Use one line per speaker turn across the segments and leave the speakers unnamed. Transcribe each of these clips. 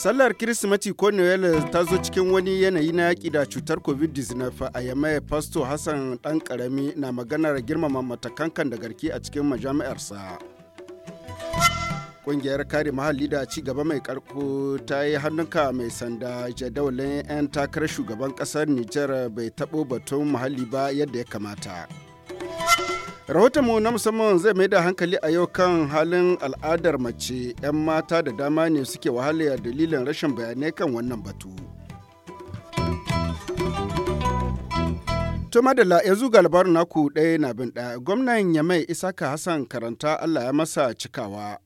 Sallar Kirsimeti ko Noel ta zo cikin wani yanayi na yaƙi da cutar COVID-19 a Yamai Pasto Hassan ɗan ƙarami na maganar girmama matakan kan da garki a cikin majami'arsa. Ƙungiyar kare muhalli da ci gaba mai ƙarko ta yi hannunka mai sanda jadawalin 'yan takarar shugaban ƙasar Nijar bai taɓo batun muhalli ba yadda ya kamata. rahotonmu na musamman zai mai da hankali a yau kan halin al'adar mace 'yan mata da dama ne suke wahala dalilin rashin bayanai kan wannan batu. To madalla yanzu ga labarin naku ɗaya na bin ɗaya gwamnan Yamai Isaka Hassan karanta Allah ya masa cikawa.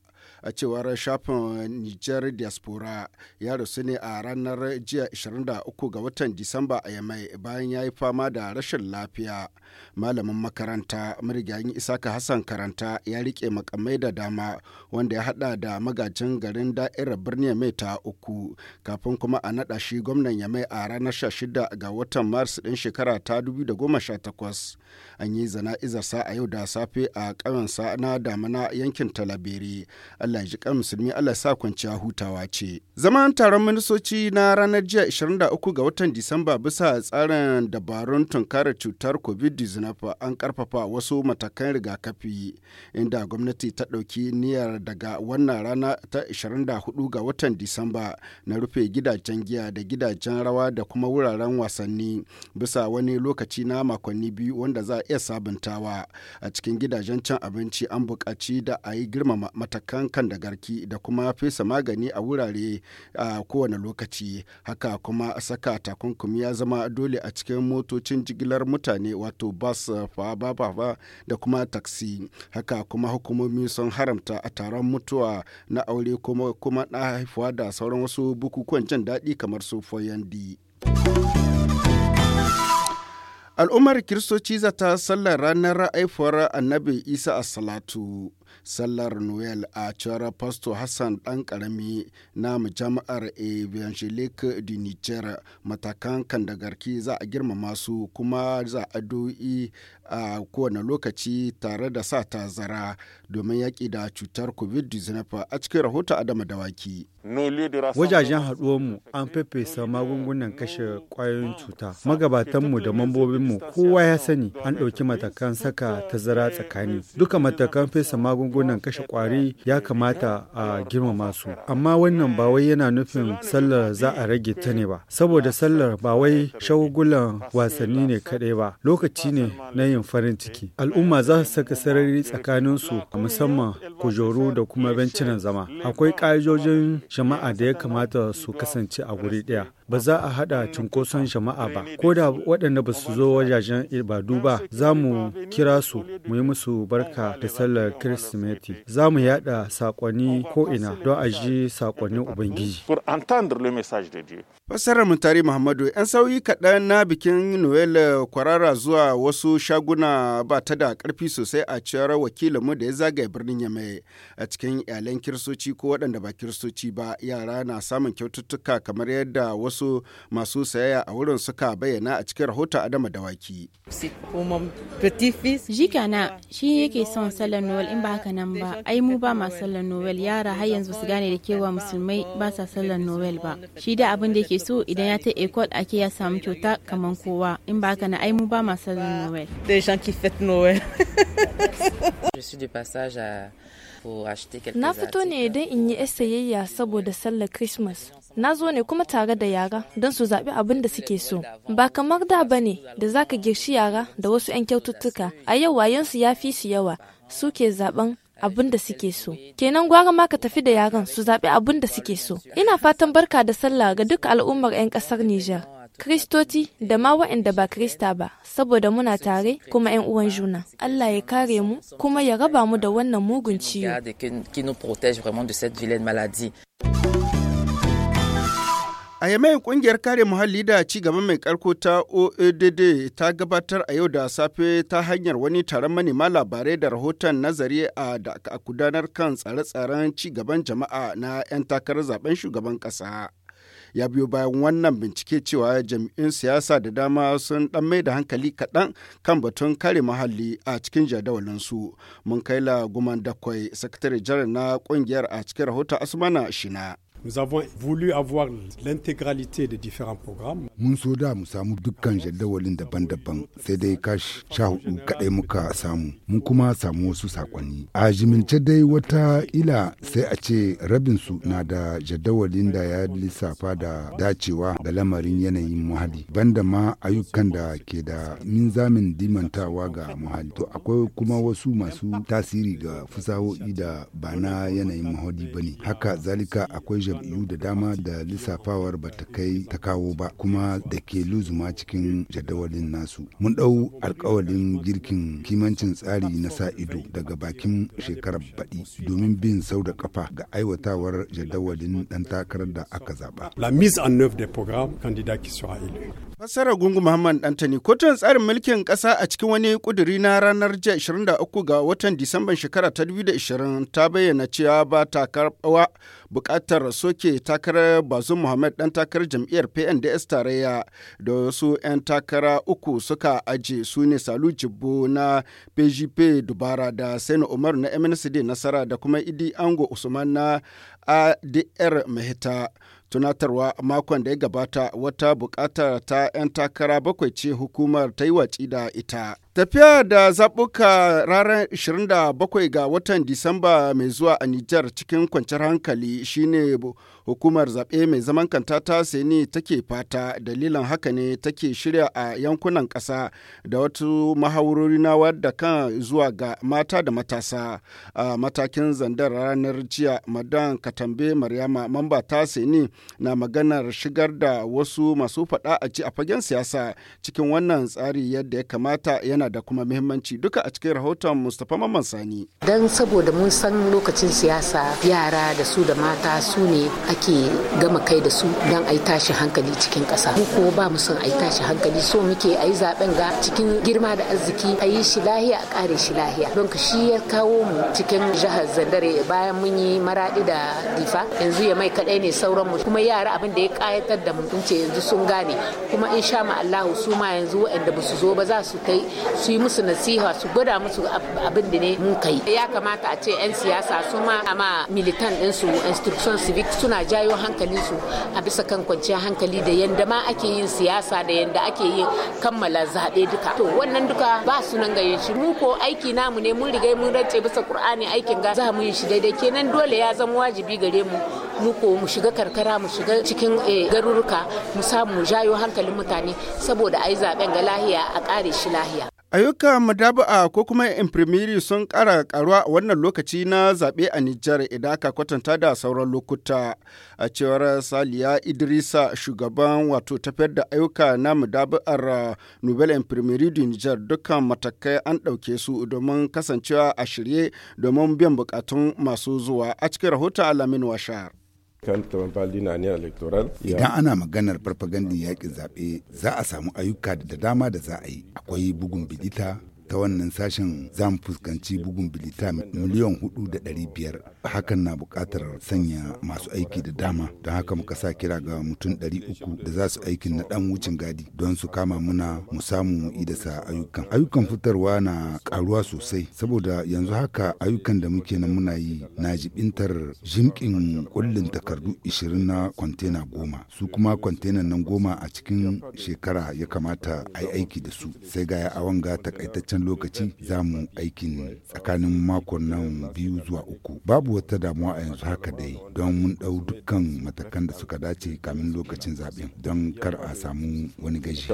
a cewar shafin Niger Diaspora ya rasu ne a ranar jiya 23 ga watan Disamba a Yamai bayan ya yi fama da rashin lafiya. malamin makaranta marigayin isaka hassan karanta ya rike makamai da dama wanda ya hada da magajin garin da'irar birnin mai ta uku kafin kuma a nada shi gwamnan ya mai a ranar 16 ga watan mars din shekara ta 2018 an yi zana izarsa a yau da safe a ƙawansa na damana yankin talabiri allah ji kan musulmi allah sa kwanciya hutawa ce zaman taron ministoci na ranar jiya 23 ga watan disamba bisa tsarin dabarun tunkarar cutar covid 19 an karfafa wasu matakan rigakafi inda gwamnati ta ɗauki niyyar daga wannan rana ta 24 ga watan disamba na rufe gidajen giya da gidajen rawa da kuma wuraren wasanni bisa wani lokaci na makonni biyu wanda za a iya sabuntawa a cikin gidajen can abinci an buƙaci da a yi girmama matakan kan da garki da kuma fesa magani a wurare a kowane lokaci haka kuma saka takunkumi ya zama dole a cikin motocin jigilar mutane wato wato eh, bas da kuma taxi haka kuma hukumomi sun haramta a taron mutuwa na aure kuma kuma na haifuwa da sauran wasu bukukuwan jin daɗi kamar su foyandi. Al'ummar Kiristoci za ta sallar ranar haifuwar annabi Isa a Salatu. sallar noel a cewar pasto hassan ɗan karami na jama'ar evangelique de niger matakan kandagarki za a girmama su kuma za a do'i a kowane lokaci tare da sa tazara domin yaƙi da cutar covid-19 a cikin rahoton adama dawaki. Wajajen mu an fefesa magungunan kashe ƙwayoyin cuta. Magabatanmu da mambobinmu kowa ya sani an ɗauki matakan saka tazara tsakani. Duka matakan fesa magungunan kashe ƙwari ya kamata a girmama su. Amma wannan ba wai yana nufin sallar za a rage ta ne ba. Saboda sallar ba wai shagulan wasanni ne kaɗai ba. Lokaci ne na yin yin farin ciki. Al'umma za su saka sarari tsakanin su musamman kujeru da kuma bencinan zama. Akwai ƙa'idojin jama'a da ya kamata su kasance a guri ɗaya. ba za a haɗa cunkoson jama'a ba ko da waɗanda ba su zo wajajen ibadu ba za mu kira su mu yi musu barka da sallar kirsimeti za mu yaɗa saƙonni ko'ina don a ji saƙonnin ubangiji fassarar mutari muhammadu 'yan sauyi kaɗan na bikin noel kwarara zuwa wasu shaguna ba ta da ƙarfi sosai a cewar wakilinmu da ya zagaye birnin yamai a cikin iyalan kirsoci ko waɗanda ba kirsoci ba yara na samun kyaututtuka kamar yadda wasu wasu masu sayaya a wurin suka bayyana a cikin rahoton Adama Dawaki.
Jikana shi yake son sallar Noel in ba haka nan ba, ai mu ba ma sallar Noel yara har yanzu su gane da kewa musulmai ba sa sallar Noel ba. Shi da abin da yake so idan ya ta ekot ake ya samu kyauta kamar kowa in ba haka na ai mu ba ma sallar Noel. Na fito ne don in yi
sayayya saboda sallar Christmas. Na zo ne kuma tare da yara don su zaɓi abin da suke so. Ba kamar da ba ne da za ka girshi yara da wasu 'yan kyaututtuka, a yau wayansu ya fi su yawa suke zaɓen abin da suke so kenan gwara ma ka tafi da yaran su zaɓi abin da suke so ina fatan barka da sallah ga duk al'ummar 'yan ƙasar Nijar. Kristoci da ma waɗanda ba Krista ba, saboda muna tare kuma 'yan uwan juna. Allah ya kare mu kuma ya raba mu da wannan mugun
ciwo.
A yamai kungiyar kare muhalli da ci gaba mai karko ta OADD ta gabatar a yau da safe ta hanyar wani taron manema labarai da rahoton nazari a da gudanar kan tsare-tsaren ci gaban jama'a na 'yan takarar zaben shugaban ƙasa. ya biyo bayan wannan bincike cewa jami'in siyasa da dama sun dan mai da hankali kaɗan kan batun kare muhalli a cikin jadawalinsu mun kai la guman dakwai sakatare janar na ƙungiyar a cikin rahoton asmana shina Nous avons voulu avoir l'intégralité des différents programmes.
Mun so da mu samu dukkan jaddawalin daban-daban sai dai kash sha hudu kaɗai muka samu. Mun kuma samu wasu sakonni. A jimince dai wata ila sai a ce rabin su na da jadawalin da ya lissafa da dacewa da lamarin yanayin muhalli. Banda ma ayyukan da ke da minzamin dimantawa ga muhalli. To akwai kuma wasu masu tasiri ga fusaho'i da ba na yanayin muhalli bane. Haka zalika akwai jam'iyyu da dama da lissafawar ba ta kai ta kawo ba kuma da ke luzuma cikin jadawalin nasu mun ɗau alkawalin girkin kimancin tsari na sa ido daga bakin shekarar baɗi domin bin sau da kafa ga aiwatawar jadawalin ɗan takarar da aka zaɓa. La mise
Fassara Gungu Muhammad Dantani, Kotun tsarin mulkin ƙasa a cikin wani ƙuduri na ranar 23 ga watan Disamban shekara ta 2020 ta bayyana cewa ba ta karɓawa buƙatar soke takarar bazu Muhammad ɗan takarar jam'iyyar PNDS tarayya da wasu 'yan takara uku suka aje su ne Salu Jibbo na PGP Dubara da Sani Umar na MNCD Nasara da kuma Idi Ango Usman na ADR Mahita. tunatarwa makon da ya gabata wata bukatar ta 'yan takara bakwai ce hukumar ta yi watsi da ita tafiya da zaɓuka ranar 27 ga watan disamba mai zuwa a nijar cikin kwanciyar hankali shine Hukumar zaɓe mai zaman kanta ta Seni take fata dalilan haka ne take shirya a yankunan ƙasa da wata mahaurori na wadda kan zuwa ga mata da matasa. A matakin zandar ranar jiya Madan Katambe Maryama mamba ta Seni na maganar shigar da wasu masu faɗa a ci a fagen siyasa cikin wannan tsari yadda ya kamata yana da kuma muhimmanci duka a cikin rahoton Mustapha Mamman Sani.
Dan saboda mun san lokacin siyasa yara da su da mata su ne ake gama kai da su don a yi tashi hankali cikin ƙasa mu ko ba mu son a yi tashi hankali so muke a yi zaben ga cikin girma da arziki a yi shi lahiya a kare shi lahiya don ka shi ya kawo mu cikin jihar zandare bayan mun yi maraɗi da difa yanzu ya mai kaɗai ne sauran mu kuma yara abin da ya ƙayatar da mu ce yanzu sun gane kuma in sha ma Allahu su ma yanzu waɗanda ba su zo ba za su kai su yi musu nasiha su gwada musu abin da ne mun kai ya kamata a ce 'yan siyasa su ma ama militan ɗinsu instruction civic suna jayo jayo hankalinsu a bisa kan kwanciyar hankali da yadda ma ake yin siyasa da yadda ake yin kammala zaɓe duka to wannan duka ba su nan gayen mu ko aiki namu ne mun riga mun rance bisa qur'ani aikin ga za mu yi shi daidai kenan dole ya zama wajibi gare mu mu ko mu shiga karkara mu shiga cikin eh, garuruka mu samu jayo hankalin mutane saboda ai zaben ga lahiya a kare shi lahiya
Ayyukan madaba'a ko kuma imprimiri sun kara karuwa a wannan lokaci na zaɓe a Nijar idan aka kwatanta da sauran lokuta. A cewar Saliya Idrisa shugaban wato tafiyar da ayyuka na madaba'ar Nobel imprimiri du Nijar dukkan matakai an ɗauke su domin kasancewa a shirye domin biyan bukatun masu zuwa a cikin rahoton Alamin Washar.
na ne Idan ana maganar farfagandin yakin zaɓe za a samu ayyuka da dama da za a yi. Akwai bugun bidita, ta wannan sashen zamu fuskanci bugun bilita miliyan hudu da ɗari biyar hakan na buƙatar sanya masu aiki da dama don haka muka sa kira ga mutum ɗari uku da za su aikin na ɗan wucin gadi don su kama muna mu samu idasa ayyukan ayyukan fitarwa na ƙaruwa sosai saboda yanzu haka ayyukan da muke na muna yi na jibintar jimkin kullin takardu ishirin na kwantena goma su kuma kwantenan nan goma a cikin shekara ya kamata a yi aiki da su sai ga ya awanga takaitaccen takaitaccen lokaci za mu aikin tsakanin makon nan biyu zuwa uku babu wata damuwa a yanzu haka dai don mun ɗau dukkan matakan da suka dace kamin lokacin zaɓen don kar a samu wani
gaji.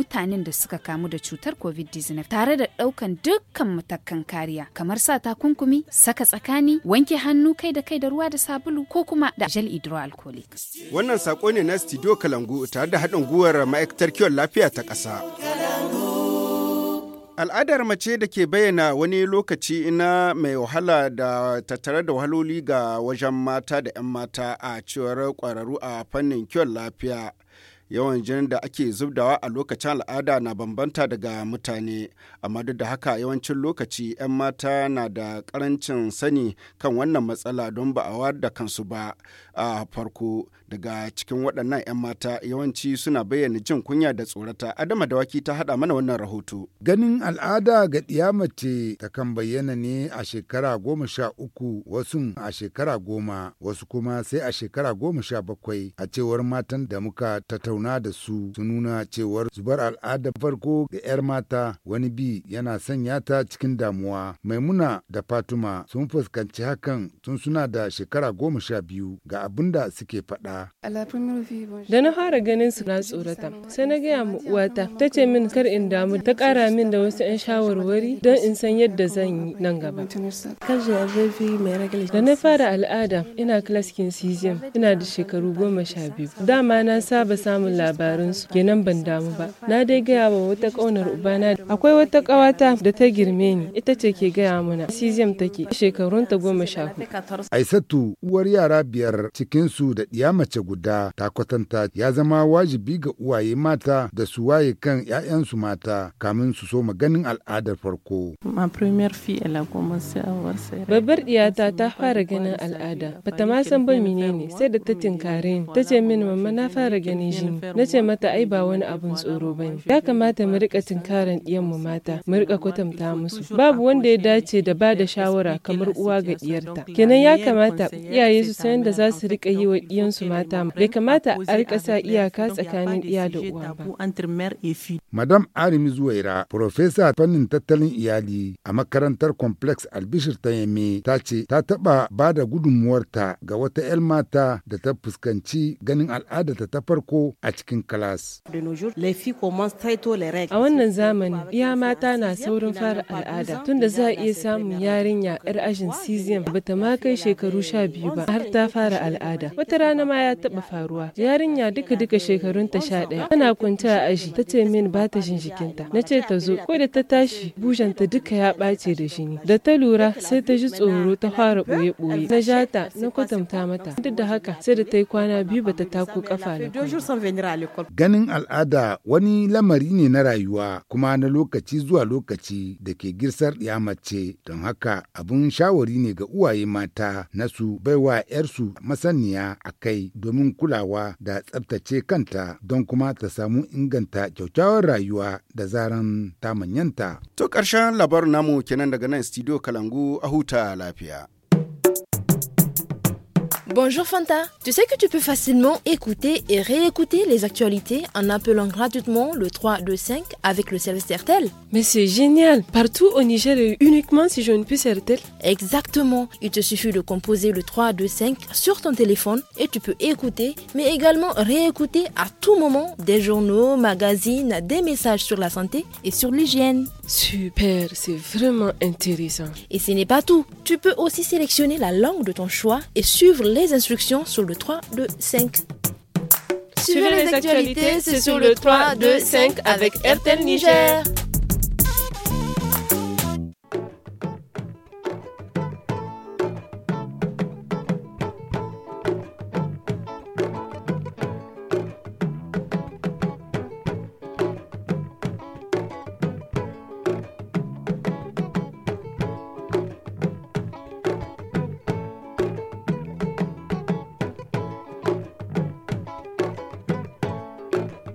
mutanen da suka kamu da cutar covid-19 tare da ɗaukan dukkan matakan kariya kamar sa takunkumi saka tsakani wanke hannu kai da kai da ruwa da sabulu ko kuma da gel hydroalcoholic
wannan sako ne na studio kalangu tare da haɗin gwiwar ma'aikatar kiwon lafiya ta ƙasa al'adar mace da ke bayyana wani lokaci ina mai wahala da tattare da wahaloli ga wajen mata da 'yan mata a cewar kwararru a fannin kiwon lafiya yawan jinin da ake zubdawa a lokacin al'ada na bambanta daga mutane amma duk da haka yawancin lokaci 'yan mata na da karancin sani kan wannan matsala don ba a da kansu ba a farko daga cikin waɗannan 'yan mata yawanci suna bayyana jin kunya da tsorata adama
da Waki ta haɗa mana wannan rahoto ganin al'ada ga ɗiya mace ta kan bayyana ne a shekara goma sha uku wasu a shekara goma wasu kuma sai a shekara goma sha bakwai a cewar matan da muka tattauna da su su nuna cewar zubar al'ada farko ga 'yar mata wani bi yana sanya ta cikin damuwa maimuna da fatuma sun fuskanci hakan tun suna da shekara goma sha biyu ga abin da suke faɗa
Da na fara ganin su na tsorata, sai na gaya ma uwata, ta ce min kar in damu ta kara min da wasu 'yan shawarwari don in san yadda zan yi nan gaba. Da na fara al'ada, ina klaskin CGM, ina da shekaru goma sha biyu. Dama na saba samun labarin su, kenan ban damu ba. Na dai gaya wa wata ƙaunar ubana, akwai wata ƙawata da ta girme ni, ita ce ke gaya mana. CGM take, shekarunta goma sha hudu.
Aisatu uwar yara biyar cikinsu da ɗiya mace mace guda ta kwatanta ya zama wajibi ga uwaye mata da su waye kan 'ya'yansu mata kamin su so maganin al'adar farko.
Babbar ɗiyata ta fara ganin al'ada, ta ma san ba ne sai da ta tinkare ni. Ta ce min mamma na fara ganin jini. Na ce mata ai ba wani abun tsoro ba ne. Ya kamata mu rika tinkaran mu mata, mu rika kwatanta musu. Babu wanda ya dace da ba da shawara kamar uwa ga ɗiyarta. Kenan ya kamata iyaye su san da za su rika yi wa ɗiyansu mata bai kamata a rika sa iyaka tsakanin iya da uwa ba.
Madam Arimi Zuwaira, Profesa fannin tattalin iyali a makarantar Complex Albishir ta Yame ta ce ta taɓa ba da gudunmuwarta ga wata 'yar mata da ta fuskanci ganin al'adarta ta farko a cikin kalas.
A wannan zamani, iya mata na saurin fara al'ada tunda za a iya samun yarinya 'yar ajin cesium ta ma kai shekaru sha biyu ba har ta fara al'ada. Wata rana ma ya taɓa faruwa. Yarinya duka duka shekarun ta sha ɗaya. Tana kwance a aji ta ce min ba ta jikinta. Na ce ta zo ko da ta tashi ta duka ya bace da jini. Da ta lura sai ta ji tsoro ta fara boye-boye Na ja ta na kwatanta mata. Duk da haka sai da ta yi kwana biyu ba ta tako kafa na.
Ganin al'ada wani lamari ne na rayuwa kuma na lokaci zuwa lokaci da ke girsar ya mace don haka abun shawari ne ga uwaye mata na su baiwa 'yarsu masaniya a kai domin kulawa da tsabtace kanta don kuma ta samu inganta kyaukyawar rayuwa da zaran ta manyanta.
To ƙarshen labarin namu kenan daga nan studio Kalangu a huta lafiya.
Bonjour Fanta, tu sais que tu peux facilement écouter et réécouter les actualités en appelant gratuitement le 325 avec le service RTL. Mais c'est génial, partout au Niger et uniquement si je ne puisse RTL. Exactement, il te suffit de composer le 325 sur ton téléphone et tu peux écouter mais également réécouter à tout moment des journaux,
magazines, des messages sur la santé et sur l'hygiène. Super, c'est vraiment intéressant. Et ce n'est pas tout. Tu peux aussi sélectionner la langue de ton choix et suivre les instructions sur le 3, 2, 5.
Suivez les actualités, c'est sur le 3, 2, 5 avec RTL Niger.